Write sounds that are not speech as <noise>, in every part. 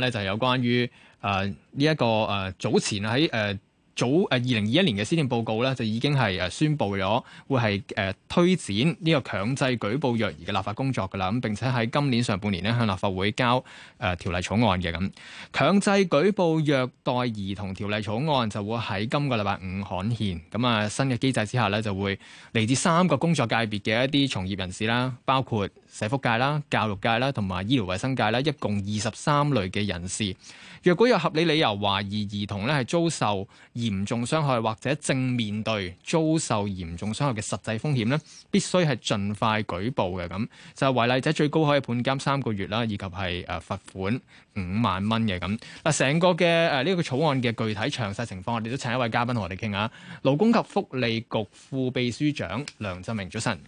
咧，就係有關於誒呢一個誒、呃，早前喺誒，呃早誒二零二一年嘅施政報告咧，就已經係誒宣布咗會係誒、呃、推展呢個強制舉報虐兒嘅立法工作㗎啦，咁並且喺今年上半年呢，向立法會交誒、呃、條例草案嘅咁，強制舉報虐待兒童條例草案就會喺今個禮拜五刊憲，咁啊新嘅機制之下呢，就會嚟自三個工作界別嘅一啲從業人士啦，包括社福界啦、教育界啦同埋醫療衞生界啦，一共二十三類嘅人士，若果有合理理由懷疑兒童咧係遭受嚴重傷害或者正面對遭受嚴重傷害嘅實際風險呢，必須係盡快舉報嘅咁。就係違例者最高可以判監三個月啦，以及係誒罰款五萬蚊嘅咁。啊，成個嘅誒呢個草案嘅具體詳細情況，我哋都請一位嘉賓同我哋傾下。勞工及福利局副秘書長梁振榮，早晨。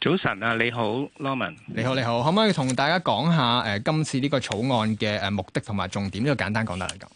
早晨啊，你好，Lawman。Norman，你好，你好，可唔可以同大家講下誒今次呢個草案嘅誒目的同埋重點？呢、這個簡單講得嚟，咁。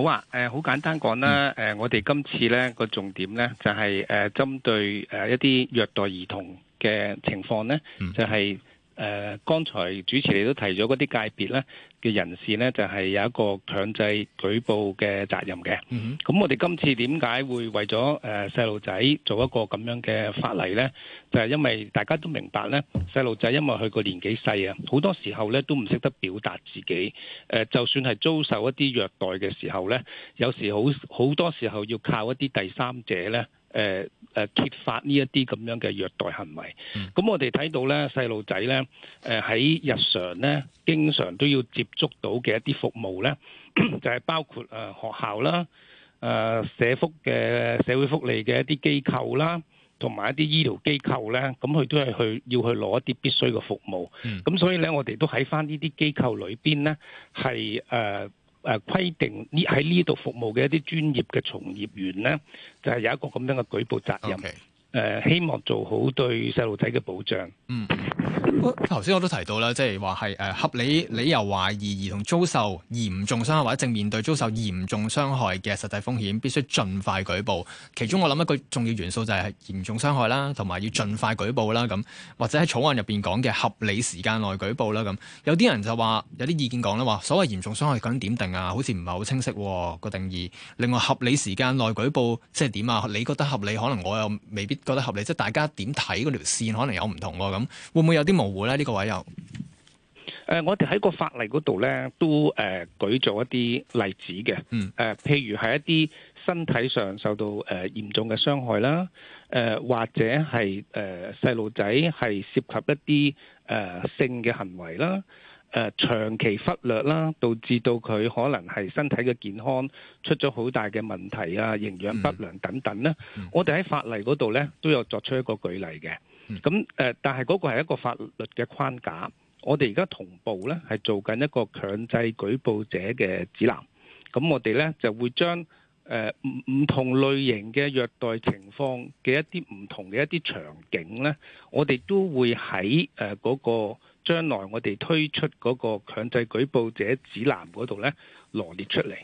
好啊，誒，好簡單講啦，誒，我哋今次咧個重點咧就係誒，針對誒一啲虐待兒童嘅情況咧，嗯、就係。誒、呃，剛才主持你都提咗嗰啲界別咧嘅人士咧，就係、是、有一個強制舉報嘅責任嘅。咁、mm hmm. 我哋今次點解會為咗誒、呃、細路仔做一個咁樣嘅法例呢？就係、是、因為大家都明白呢，細路仔因為佢個年紀細啊，好多時候呢都唔識得表達自己。呃、就算係遭受一啲虐待嘅時候呢，有時候好好多時候要靠一啲第三者呢。誒誒、啊啊、揭發呢一啲咁樣嘅虐待行為，咁、嗯、我哋睇到咧細路仔咧，誒喺、啊、日常咧，經常都要接觸到嘅一啲服務咧， <coughs> 就係、是、包括誒、啊、學校啦、誒、啊、社福嘅社會福利嘅一啲機構啦，同埋一啲醫療機構咧，咁佢都係去要去攞一啲必須嘅服務，咁、嗯、所以咧，我哋都喺返呢啲機構裏邊咧，係誒。啊誒、啊、規定呢喺呢度服務嘅一啲專業嘅從業員咧，就係、是、有一個咁樣嘅舉報責任。誒 Okay.、呃、希望做好對細路仔嘅保障。嗯、mm。Hmm. 頭先我都提到啦，即係話係合理理由懷疑兒童遭受嚴重傷害或者正面對遭受嚴重傷害嘅實際風險，必須盡快舉報。其中我諗一個重要元素就係嚴重傷害啦，同埋要盡快舉報啦。咁或者喺草案入面講嘅合理時間內舉報啦。咁有啲人就話有啲意見講啦，話所謂嚴重傷害究竟點定啊？好似唔係好清晰、那個定義。另外合理時間內舉報即係點啊？你覺得合理，可能我又未必覺得合理。即係大家點睇嗰條線可能有唔同喎。咁會唔會有啲無？會啦，呢個位又，誒、呃，我哋喺個法例嗰度咧，都誒、呃、舉咗一啲例子嘅，嗯，誒，譬如係一啲身體上受到誒、呃、嚴重嘅傷害啦，誒、呃，或者係誒細路仔係涉及一啲誒、呃、性嘅行為啦，誒、呃，長期忽略啦，導致到佢可能係身體嘅健康出咗好大嘅問題啊，營養不良等等啦，嗯嗯、我哋喺法例嗰度咧都有作出一個舉例嘅。咁誒、呃，但係嗰個係一個法律嘅框架。我哋而家同步呢，係做緊一個強制舉報者嘅指南。咁我哋呢，就會將誒唔唔同類型嘅虐待情況嘅一啲唔同嘅一啲場景呢，我哋都會喺誒嗰個將來我哋推出嗰個強制舉報者指南嗰度呢，羅列出嚟。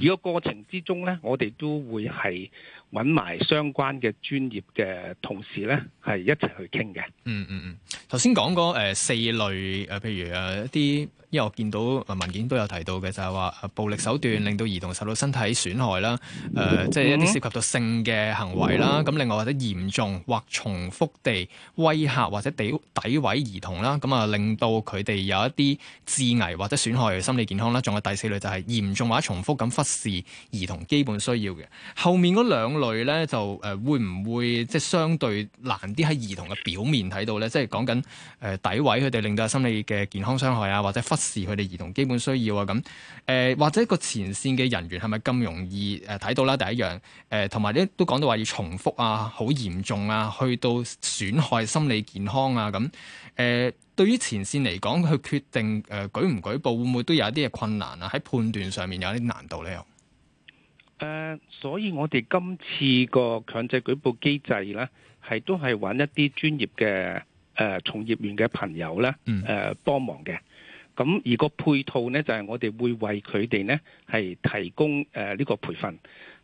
如果過程之中咧，我哋都會係揾埋相關嘅專業嘅同事咧，係一齊去傾嘅、嗯。嗯嗯嗯。頭先講嗰誒四類誒，譬、呃、如誒、呃、一啲，因為我見到、呃、文件都有提到嘅，就係、是、話暴力手段令到兒童受到身體損害啦。誒、呃，即係一啲涉及到性嘅行為啦。咁、嗯、另外或者嚴重或重複地威嚇或者詆詆毀兒童啦，咁、呃、啊令到佢哋有一啲致危或者損害者心理健康啦。仲有第四類就係嚴重或者重複。咁忽視兒童基本需要嘅，後面嗰兩類咧就誒、呃、會唔會即係相對難啲喺兒童嘅表面睇到咧？即係講緊誒詆毀佢哋，令到佢心理嘅健康傷害啊，或者忽視佢哋兒童基本需要啊，咁誒、呃、或者個前線嘅人員係咪咁容易誒睇到啦？第一樣誒，同埋咧都講到話要重複啊，好嚴重啊，去到損害心理健康啊，咁誒。呃對於前線嚟講，佢決定誒舉唔舉報，會唔會都有一啲嘅困難啊？喺判斷上面有啲難度咧。誒、呃，所以我哋今次個強制舉報機制咧，係都係揾一啲專業嘅誒從業員嘅朋友咧，誒、呃、幫忙嘅。咁、嗯、而個配套呢，就係、是、我哋會為佢哋呢係提供誒呢、呃這個培訓。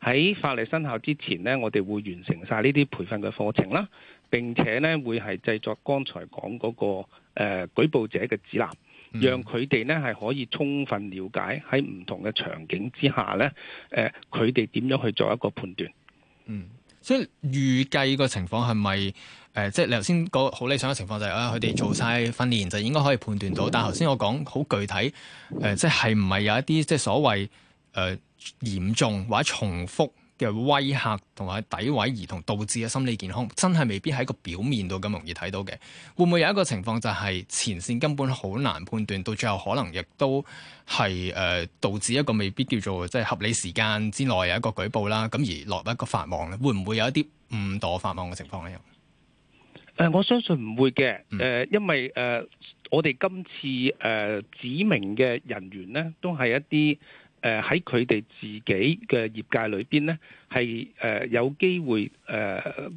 喺法例生效之前呢，我哋會完成晒呢啲培訓嘅課程啦。並且咧會係製作剛才講嗰、那個誒、呃、舉報者嘅指南，嗯、讓佢哋咧係可以充分了解喺唔同嘅場景之下咧，誒佢哋點樣去做一個判斷。嗯，即係預計個情況係咪誒，即係你頭先個好理想嘅情況就係、是、啊，佢哋做晒訓練就應該可以判斷到。但係頭先我講好具體誒、呃，即係唔係有一啲即係所謂誒、呃、嚴重或者重複嘅威嚇同埋詆毀兒童，導致嘅心理健康真係未必喺個表面度咁容易睇到嘅。會唔會有一個情況就係前線根本好難判斷，到最後可能亦都係誒導致一個未必叫做即係合理時間之內有一個舉報啦。咁而落一個法網咧，會唔會有一啲誤墮法網嘅情況喺度？誒、呃，我相信唔會嘅。誒、嗯，因為誒、呃、我哋今次誒、呃、指明嘅人員咧，都係一啲。誒喺佢哋自己嘅業界裏邊呢，係誒、呃、有機會誒、呃、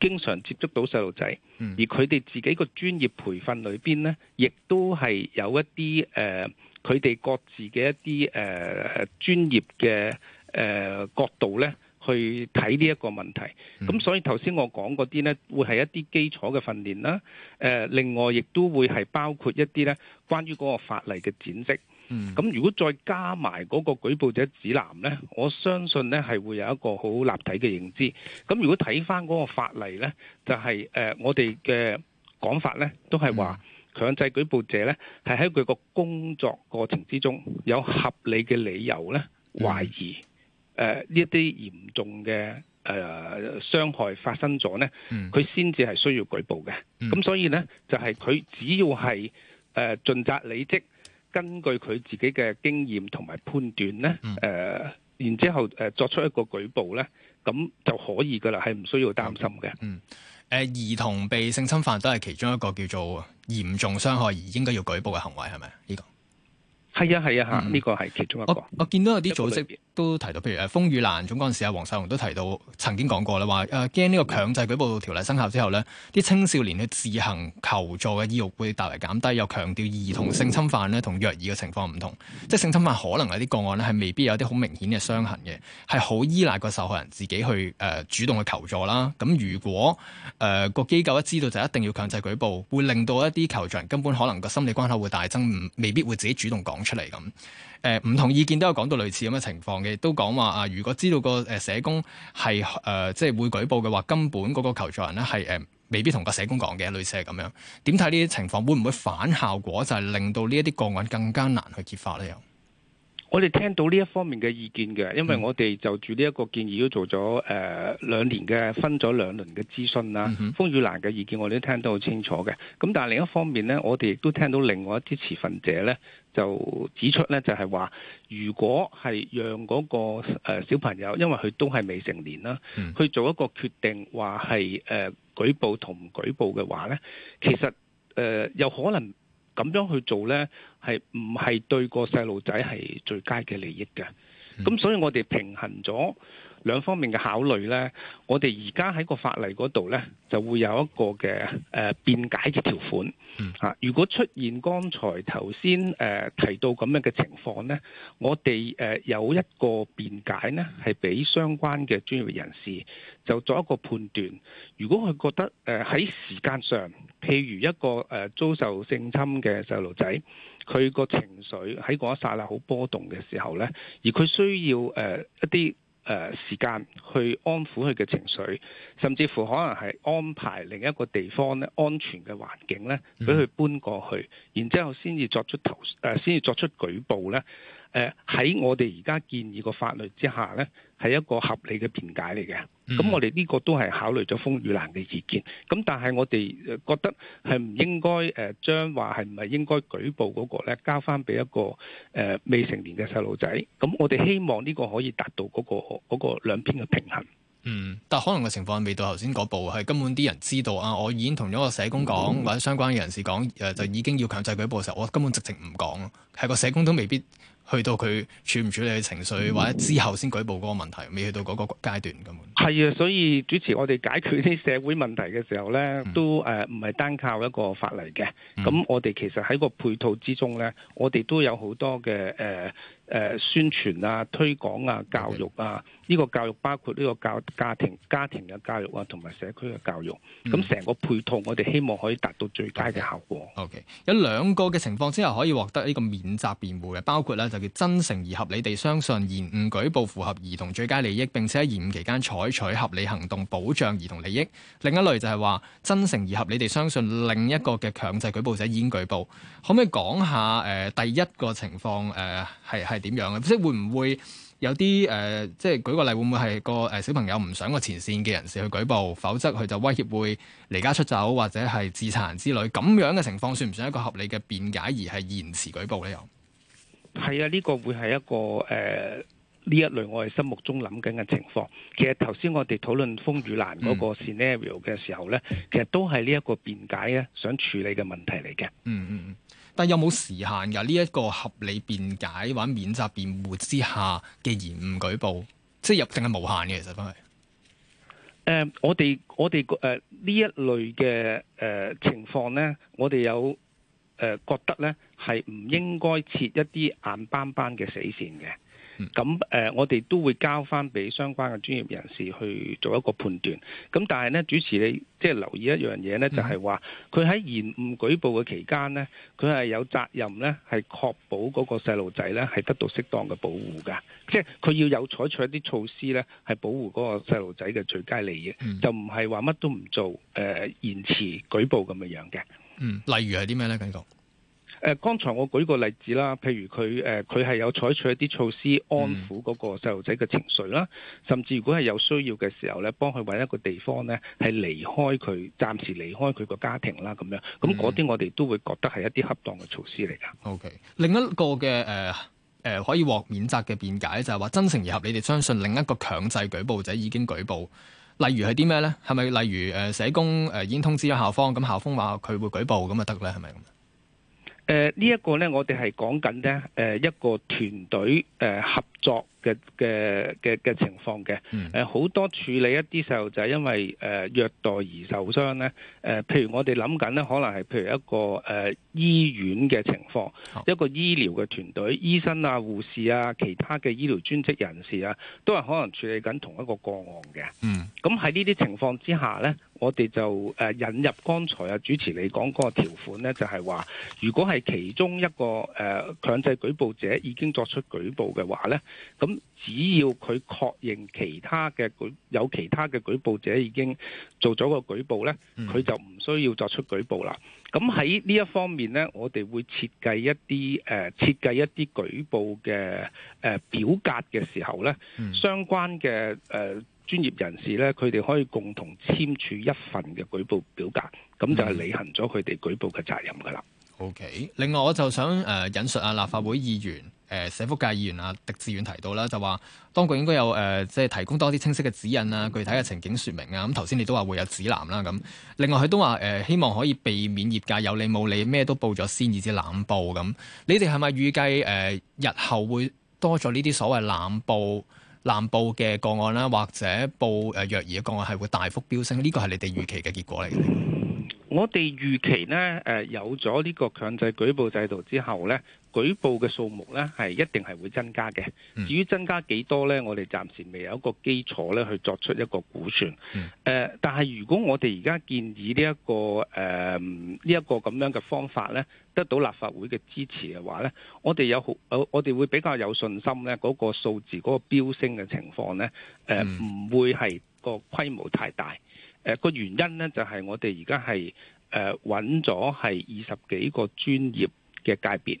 經常接觸到細路仔，而佢哋自己個專業培訓裏邊呢，亦都係有一啲誒佢哋各自嘅一啲誒、呃、專業嘅誒、呃、角度呢去睇呢一個問題。咁、嗯、所以頭先我講嗰啲呢，會係一啲基礎嘅訓練啦。誒、呃、另外亦都會係包括一啲呢關於嗰個法例嘅展釋。咁、嗯、如果再加埋嗰個舉報者指南呢，我相信呢係會有一個好立體嘅認知。咁如果睇返嗰個法例呢，就係、是、誒、呃、我哋嘅講法呢，都係話、嗯、強制舉報者呢係喺佢個工作過程之中有合理嘅理由呢懷疑誒呢一啲嚴重嘅誒、呃、傷害發生咗呢，佢先至係需要舉報嘅。咁所以呢，就係、是、佢只要係誒、呃、盡責理職。根據佢自己嘅經驗同埋判斷呢，誒、嗯呃，然之後誒作出一個舉報呢，咁就可以噶啦，係唔需要擔心嘅、嗯。嗯，誒、呃，兒童被性侵犯都係其中一個叫做嚴重傷害而應該要舉報嘅行為，係咪？呢、這個？係啊，係啊，嚇、嗯！呢個係其中一個。我我見到有啲組織都提到，譬如誒，風雨蘭總幹事阿黃秀龍都提到曾經講過啦，話誒驚呢個強制舉報條例生效之後咧，啲青少年嘅自行求助嘅意欲會大為減低。又強調兒童性侵犯咧同虐兒嘅情況唔同，嗯、即係性侵犯可能有啲個案咧係未必有啲好明顯嘅傷痕嘅，係好依賴個受害人自己去誒、呃、主動去求助啦。咁、啊、如果誒個機構一知道就一定要強制舉報，會令到一啲求助人根本可能個心理關口會大增，未必會自己主動講。出嚟咁，誒，唔同意見都有講到類似咁嘅情況嘅，亦都講話啊。如果知道個誒社工係誒，即係會舉報嘅話，根本嗰個求助人咧係誒，未必同個社工講嘅，類似係咁樣。點睇呢啲情況會唔會反效果，就係令到呢一啲個案更加難去揭發咧？我哋聽到呢一方面嘅意見嘅，因為我哋就住呢一個建議都做咗誒兩年嘅，分咗兩輪嘅諮詢啦。風雨蘭嘅意見我哋都聽得好清楚嘅。咁但係另一方面呢，我哋亦都聽到另外一啲持份者呢就指出呢，就係話，如果係讓嗰個誒小朋友，因為佢都係未成年啦，嗯、去做一個決定，話係誒舉報同唔舉報嘅話呢，其實誒有可能。咁樣去做咧，係唔係對個細路仔係最佳嘅利益嘅？咁所以我哋平衡咗。兩方面嘅考慮呢，我哋而家喺個法例嗰度呢，就會有一個嘅誒辯解嘅條款、啊、如果出現剛才頭先、呃、提到咁樣嘅情況呢，我哋、呃、有一個辯解呢，係俾相關嘅專業人士就作一個判斷。如果佢覺得誒喺、呃、時間上，譬如一個、呃、遭受性侵嘅細路仔，佢個情緒喺嗰一剎那好波動嘅時候呢，而佢需要、呃、一啲，誒，時間去安撫佢嘅情緒，甚至乎可能係安排另一個地方咧，安全嘅環境咧，俾佢搬過去，然之後先至作出投，誒，呃，先至作出舉報咧。誒喺、呃、我哋而家建議個法律之下咧，係一個合理嘅辯解嚟嘅。咁、嗯、我哋呢個都係考慮咗風雨蘭嘅意見。咁但係我哋覺得係唔應該誒將話係唔係應該舉報嗰個咧，交翻俾一個誒、呃、未成年嘅細路仔。咁我哋希望呢個可以達到嗰、那個嗰、那個兩邊嘅平衡。嗯，但係可能嘅情況未到頭先嗰步，係根本啲人知道啊，我已經同咗個社工講、嗯、或者相關嘅人士講誒，就已經要強制舉報嘅時候，我根本直情唔講，係個社工都未必。去到佢處唔處理嘅情緒，或者之後先舉報嗰個問題，未去到嗰個階段咁。係啊，所以主持我哋解決啲社會問題嘅時候呢，都誒唔係單靠一個法例嘅。咁我哋其實喺個配套之中呢，我哋都有好多嘅誒。呃誒、呃、宣傳啊、推廣啊、教育啊，呢 Okay. 個教育包括呢個教家庭、家庭嘅教育啊，同埋社區嘅教育。咁成、嗯、個配套，我哋希望可以達到最佳嘅效果。Okay. O.K. 有兩個嘅情況之後可以獲得呢個免責辯護嘅，包括咧就叫真誠而合理地相信延誤舉報符合兒童最佳利益，並且喺延誤期間採取合理行動保障兒童利益。另一類就係話真誠而合理地相信另一個嘅強制舉報者已經舉報。可唔可以講下誒、呃、第一個情況誒係係？呃點樣嘅？即係會唔會有啲誒，即、呃、係舉個例，會唔會係個誒小朋友唔想個前線嘅人士去舉報，否則佢就威脅會離家出走或者係自殘之類咁樣嘅情況，算唔算一個合理嘅辯解而係延遲舉報呢？又係啊，呢、這個會係一個誒呢、呃、一類我哋心目中諗緊嘅情況。其實頭先我哋討論風雨蘭嗰、那個 scenario 嘅時候呢，嗯、其實都係呢一個辯解想處理嘅問題嚟嘅、嗯。嗯嗯嗯。但有冇時限㗎？呢、這、一個合理辯解或者免責辯護之下嘅延誤舉報，即係入定係無限嘅，其實都係。誒，我哋我哋誒呢一類嘅誒、呃、情況咧，我哋有誒、呃、覺得咧係唔應該設一啲硬梆梆嘅死線嘅。咁誒、嗯呃，我哋都會交翻俾相關嘅專業人士去做一個判斷。咁但係呢，主持你即係留意一樣嘢呢，就係話佢喺延誤舉報嘅期間呢，佢係有責任呢，係確保嗰個細路仔呢係得到適當嘅保護㗎。即係佢要有採取一啲措施呢，係保護嗰個細路仔嘅最佳利益，嗯、就唔係話乜都唔做誒、呃，延遲舉報咁嘅樣嘅。嗯，例如係啲咩呢？繼續？誒、呃，剛才我舉個例子啦，譬如佢誒，佢、呃、係有採取一啲措施安撫嗰個細路仔嘅情緒啦，嗯、甚至如果係有需要嘅時候咧，幫佢揾一個地方咧，係離開佢，暫時離開佢個家庭啦，咁樣咁嗰啲，嗯、我哋都會覺得係一啲恰當嘅措施嚟㗎。O.K. 另一個嘅誒誒可以獲免責嘅辯解就係話真誠而合，你哋相信另一個強制舉報者已經舉報，例如係啲咩呢？係咪例如誒社工誒已經通知咗校方，咁校方話佢會舉報咁啊？得咧，係咪誒，呃這個、呢一個咧，我哋係講緊咧，誒、呃，一個團隊，誒、呃，合。作嘅嘅嘅嘅情況嘅，誒好、嗯、多處理一啲細路仔因為誒、呃、虐待而受傷咧，誒、呃、譬如我哋諗緊咧，可能係譬如一個誒、呃、醫院嘅情況，好一個醫療嘅團隊，醫生啊、護士啊、其他嘅醫療專職人士啊，都係可能處理緊同一個個案嘅。嗯，咁喺呢啲情況之下咧，我哋就誒引入剛才啊主持你講嗰個條款咧，就係、是、話，如果係其中一個誒、呃、強制舉報者已經作出舉報嘅話咧。咁只要佢確認其他嘅舉有其他嘅舉報者已經做咗個舉報咧，佢就唔需要作出舉報啦。咁喺呢一方面咧，我哋會設計一啲誒、呃、設計一啲舉報嘅誒、呃、表格嘅時候咧，相關嘅誒、呃、專業人士咧，佢哋可以共同簽署一份嘅舉報表格，咁就係履行咗佢哋舉報嘅責任噶啦。OK，另外我就想誒、呃、引述啊立法會議員誒、呃、社福界議員啊狄志遠提到啦，就話當局應該有誒即係提供多啲清晰嘅指引啊，具體嘅情景說明啊，咁頭先你都話會有指南啦咁、嗯。另外佢都話誒、呃、希望可以避免業界有理冇理咩都報咗先，以至濫報咁。你哋係咪預計誒日後會多咗呢啲所謂濫報濫報嘅個案啦、啊，或者報誒虐兒嘅個案係會大幅飆升？呢、這個係你哋預期嘅結果嚟嘅。我哋預期呢，誒、呃、有咗呢個強制舉報制度之後呢，舉報嘅數目呢係一定係會增加嘅。至於增加幾多呢？我哋暫時未有一個基礎呢去作出一個估算。呃、但係如果我哋而家建議呢、這、一個誒呢一個咁樣嘅方法呢，得到立法會嘅支持嘅話呢，我哋有好，我哋會比較有信心呢，嗰、那個數字嗰、那個飆升嘅情況呢，誒、呃、唔會係個規模太大。誒個原因呢，就係、是、我哋而家係揾咗係二十幾個專業嘅界別，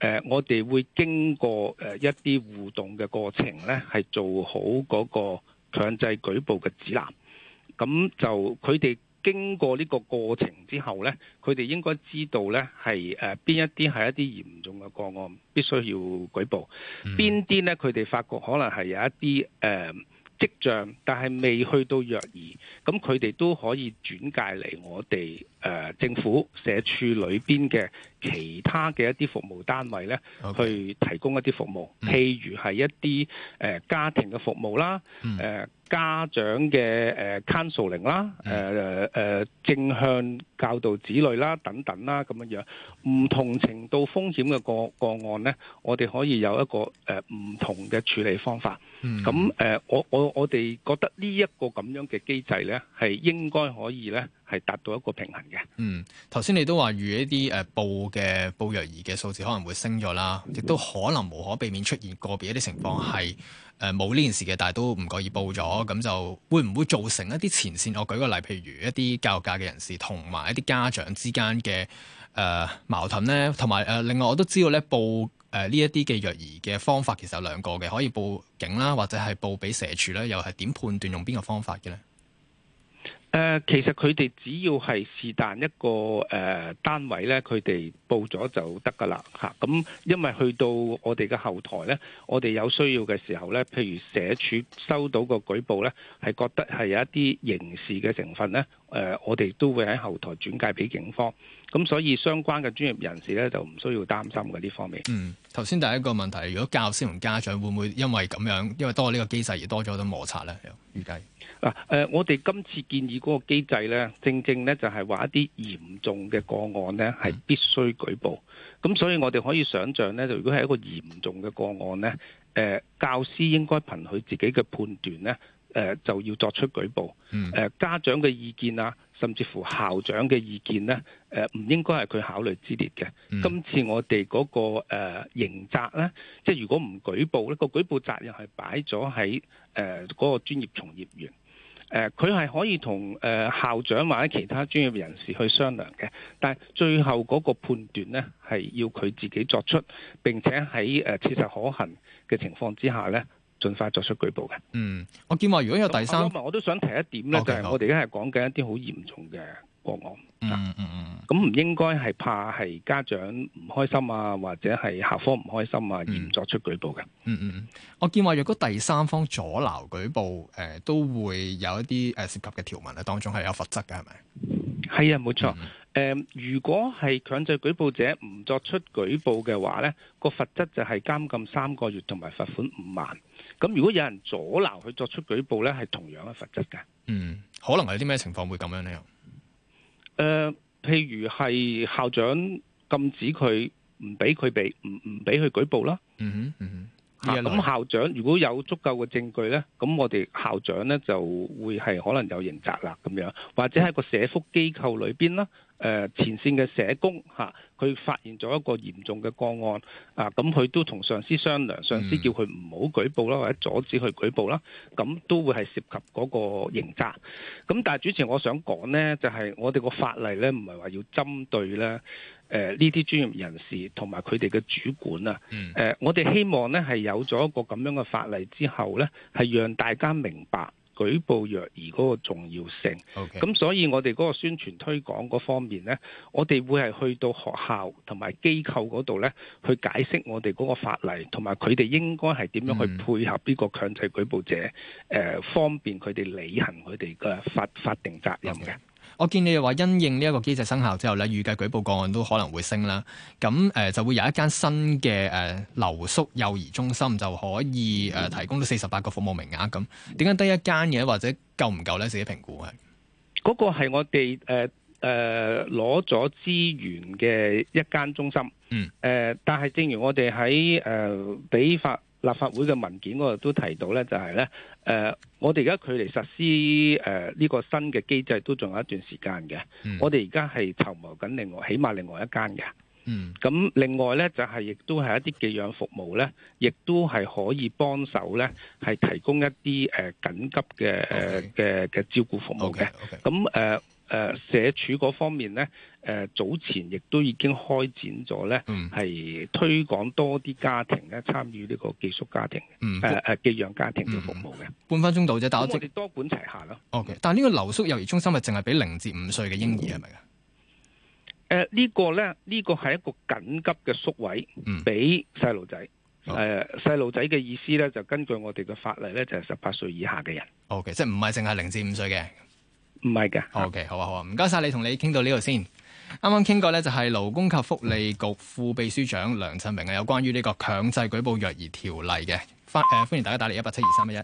呃、我哋會經過誒一啲互動嘅過程呢，係做好嗰個強制舉報嘅指南。咁就佢哋經過呢個過程之後呢，佢哋應該知道呢，係誒邊一啲係一啲嚴重嘅個案必須要舉報，邊啲、嗯、呢？佢哋發覺可能係有一啲誒。呃迹象，但係未去到虐兒，咁佢哋都可以轉介嚟我哋誒、呃、政府社署裏邊嘅其他嘅一啲服務單位咧，Okay. 去提供一啲服務，譬如係一啲誒、呃、家庭嘅服務啦，誒、呃。嗯家長嘅誒 counselling 啦，誒誒正向教導子女啦，等等啦，咁樣樣唔同程度風險嘅個個案咧，我哋可以有一個誒唔同嘅處理方法。咁誒、嗯，我我我哋覺得呢一個咁樣嘅機制咧，係應該可以咧係達到一個平衡嘅。嗯，頭先你都話預一啲誒報嘅報虐兒嘅數字可能會升咗啦，亦都可能無可避免出現個別一啲情況係。誒冇呢件事嘅，但係都唔覺意報咗，咁就會唔會造成一啲前線？我舉個例，譬如一啲教育界嘅人士同埋一啲家長之間嘅誒矛盾呢，同埋、呃、另外我都知道咧報呢一啲嘅虐兒嘅方法其實有兩個嘅，可以報警啦，或者係報俾社署咧，又係點判斷用邊個方法嘅呢？誒、呃，其實佢哋只要係是但一個誒、呃、單位呢，佢哋報咗就得㗎啦嚇。咁、啊、因為去到我哋嘅後台呢，我哋有需要嘅時候呢，譬如社署收到個舉報呢，係覺得係有一啲刑事嘅成分呢，誒、呃，我哋都會喺後台轉介俾警方。咁所以相關嘅專業人士咧，就唔需要擔心嘅呢方面。嗯，頭先第一個問題，如果教師同家長會唔會因為咁樣，因為多呢個機制而多咗好多摩擦咧？預計嗱，誒、呃，我哋今次建議嗰個機制咧，正正咧就係話一啲嚴重嘅個案咧，係必須舉報。咁、嗯、所以我哋可以想象咧，就如果係一個嚴重嘅個案咧，誒、呃、教師應該憑佢自己嘅判斷咧，誒、呃、就要作出舉報。嗯。誒、呃、家長嘅意見啊。甚至乎校長嘅意見呢，誒、呃、唔應該係佢考慮之列嘅。嗯、今次我哋嗰、嗰個、呃、刑責呢，即係如果唔舉報呢、呢個舉報責任係擺咗喺誒嗰個專業從業員。佢、呃、係可以同誒、呃、校長或者其他專業人士去商量嘅，但係最後嗰個判斷呢，係要佢自己作出。並且喺誒切實可行嘅情況之下呢，盡快作出舉報嘅。嗯，我見話如果有第三方，我都想提一點咧，就係我哋而家係講緊一啲好嚴重嘅個案。嗯嗯嗯，咁、嗯、唔應該係怕係家長唔開心啊，或者係校方唔開心啊，嗯、而唔作出舉報嘅、嗯。嗯嗯我見話若果第三方阻撓舉報，誒、呃、都會有一啲誒涉及嘅條文咧，當中係有罰則嘅，係咪？係啊，冇錯。誒、嗯呃，如果係強制舉報者唔作出舉報嘅話咧，個罰則就係監禁三個月同埋罰款五萬。咁如果有人阻撓佢作出舉報咧，係同樣嘅罰則嘅。嗯，可能係啲咩情況會咁樣咧？誒，譬如係校長禁止佢，唔俾佢俾，唔唔俾佢舉報啦。嗯哼，嗯哼。咁校長如果有足夠嘅證據呢，咁我哋校長呢就會係可能有刑責啦咁樣，或者喺個社福機構裏邊啦，誒前線嘅社工嚇，佢發現咗一個嚴重嘅個案啊，咁佢都同上司商量，上司叫佢唔好舉報啦，或者阻止佢舉報啦，咁都會係涉及嗰個刑責。咁但係主持我想講呢，就係我哋個法例呢，唔係話要針對呢。誒，呢啲、呃、專業人士同埋佢哋嘅主管啊，誒、嗯呃，我哋希望咧係有咗一個咁樣嘅法例之後咧，係讓大家明白舉報虐兒嗰個重要性。咁 Okay. 所以我哋嗰個宣傳推廣嗰方面咧，我哋會係去到學校同埋機構嗰度咧，去解釋我哋嗰個法例，同埋佢哋應該係點樣去配合呢個強制舉報者，誒、嗯呃，方便佢哋履行佢哋嘅法法定責任嘅。Okay. 我見你又話因應呢一個機制生效之後咧，預計舉報個案都可能會升啦。咁誒就會有一間新嘅誒留宿幼兒中心就可以誒、呃、提供到四十八個服務名額咁。點解得一間嘢，或者夠唔夠咧？自己評估係嗰個係我哋誒誒攞咗資源嘅一間中心。嗯。誒、呃，但係正如我哋喺誒比法立法會嘅文件嗰度都提到咧，就係、是、咧，誒、呃，我哋而家距離實施誒呢、呃這個新嘅機制，都仲有一段時間嘅。嗯、我哋而家係籌謀緊另外，起碼另外一間嘅。嗯，咁另外咧就係、是、亦都係一啲寄養服務咧，亦都係可以幫手咧，係提供一啲誒、呃、緊急嘅嘅嘅照顧服務嘅。咁誒誒，社署嗰方面咧。誒早前亦都已經開展咗咧，係推廣多啲家庭咧參與呢個寄宿家庭，嘅誒、嗯呃、寄養家庭嘅服務嘅、嗯。半分鐘到啫，但我哋多管齊下咯。OK，但係呢個留宿幼兒中心咪淨係俾零至五歲嘅嬰兒係咪㗎？誒呢、這個咧，呢個係一個緊急嘅宿位，俾細路仔。誒細路仔嘅意思咧，就根據我哋嘅法例咧，就係十八歲以下嘅人。OK，即係唔係淨係零至五歲嘅？唔係嘅。OK，好啊好啊，唔該晒，你，同你傾到呢度先。啱啱傾過咧，就係勞工及福利局副秘書長梁振榮啊，有關於呢個強制舉報虐兒條例嘅，歡誒歡迎大家打嚟一八七二三一一。